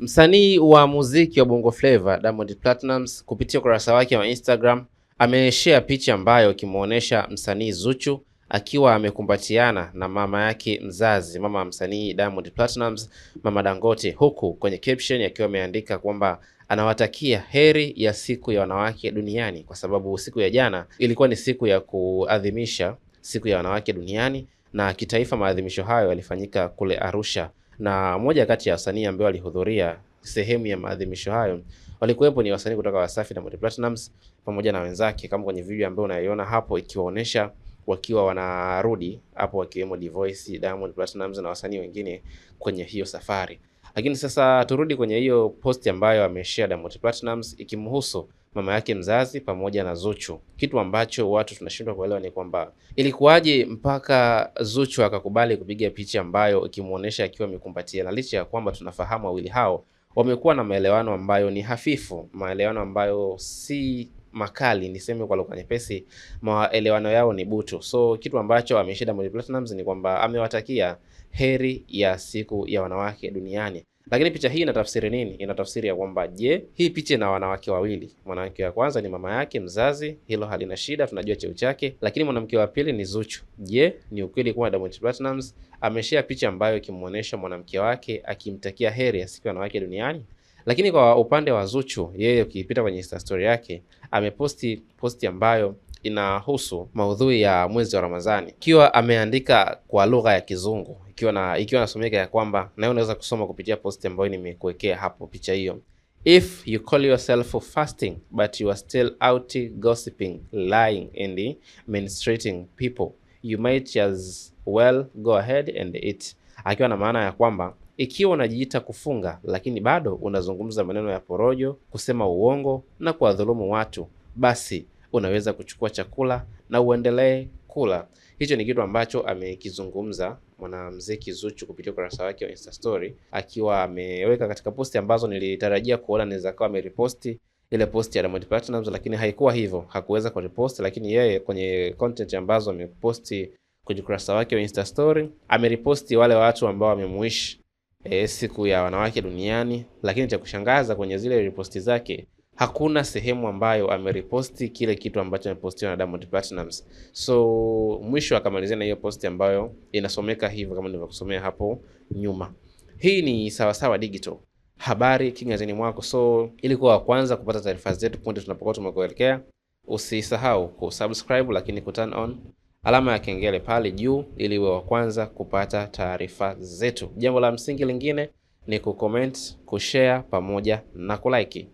Msanii wa muziki wa Bongo Flava Diamond Platnumz kupitia ukurasa wake wa Instagram ameshare picha ambayo ikimwonyesha msanii Zuchu akiwa amekumbatiana na mama yake mzazi, mama wa msanii Diamond Platnumz, Mama Dangote, huku kwenye caption akiwa ameandika kwamba anawatakia heri ya siku ya wanawake duniani, kwa sababu siku ya jana ilikuwa ni siku ya kuadhimisha siku ya wanawake duniani na kitaifa. Maadhimisho hayo yalifanyika kule Arusha na moja kati ya wasanii ambao walihudhuria sehemu ya maadhimisho hayo walikuwepo ni wasanii kutoka Wasafi na Mudi Platnumz pamoja na wenzake, kama kwenye video ambayo unaiona hapo ikiwaonesha wakiwa wanarudi hapo, wakiwemo Dvoice, Diamond Platnumz na wasanii wengine kwenye hiyo safari. Lakini sasa turudi kwenye hiyo post ambayo ameshare Diamond Platnumz ikimhusu mama yake mzazi pamoja na Zuchu. Kitu ambacho watu tunashindwa kuelewa ni kwamba ilikuwaje mpaka Zuchu akakubali kupiga picha ambayo ikimuonesha akiwa amekumbatia, na licha ya kwamba tunafahamu wawili hao wamekuwa na maelewano ambayo ni hafifu, maelewano ambayo si makali, niseme kwa lugha nyepesi, maelewano yao ni butu. So kitu ambacho ameishia Diamond Platnumz ni kwamba amewatakia heri ya siku ya wanawake duniani. Lakini picha hii inatafsiri nini? Inatafsiri ya kwamba je, hii picha ina wanawake wawili. Mwanamke wa kwanza ni mama yake mzazi, hilo halina shida, tunajua cheo chake. Lakini mwanamke wa pili ni Zuchu. Je, ni ukweli kuwa Diamond Platnumz ameshia picha ambayo ikimwonyesha mwanamke wake akimtakia heri ya siku ya wanawake duniani? Lakini kwa upande wa Zuchu, yeye ukipita kwenye Insta story yake ameposti posti ambayo inahusu maudhui ya mwezi wa Ramadhani, ikiwa ameandika kwa lugha ya Kizungu, ikiwa na ikiwa nasomeka ya kwamba nawe unaweza kusoma kupitia posti ambayo nimekuwekea hapo picha hiyo. If you call yourself fasting but you are still out gossiping, lying and menstruating people, you might as well go ahead and eat, akiwa na maana ya kwamba ikiwa unajiita kufunga lakini bado unazungumza maneno ya porojo, kusema uongo na kuwadhulumu watu, basi unaweza kuchukua chakula na uendelee kula. Hicho ni kitu ambacho amekizungumza mwanamziki Zuchu kupitia ukurasa wake wa Insta story, akiwa ameweka katika posti ambazo nilitarajia kuona naweza kawa ameriposti ile posti ya Diamond Platnumz, lakini haikuwa hivyo, hakuweza kuriposti. Lakini yeye kwenye content ambazo ameposti kwenye ukurasa wake wa Insta story, ameriposti wale watu ambao wamemuishi e, siku ya wanawake duniani, lakini cha kushangaza kwenye zile riposti zake hakuna sehemu ambayo ameriposti kile kitu ambacho amepostiwa na Diamond Platnumz. So mwisho akamalizia na hiyo posti ambayo inasomeka hivyo kama nilivyokusomea hapo nyuma. Hii ni Sawasawa Digital, habari kinywani mwako. So ili kuwa wa kwanza kupata taarifa zetu punde tunapokuwa tumekuelekea, usisahau kusubscribe, lakini kuturn on alama ya kengele pale juu ili uwe wa kwanza kupata taarifa zetu. Jambo la msingi lingine ni kucomment, kushare pamoja na kulike.